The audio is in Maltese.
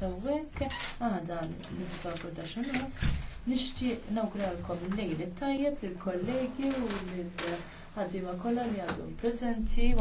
tawwek, għada nifutaw kurda xanas, nishti nawguralkom l-lejl tajjeb, l-kollegi u l-ħaddima kollha li għadhom prezenti.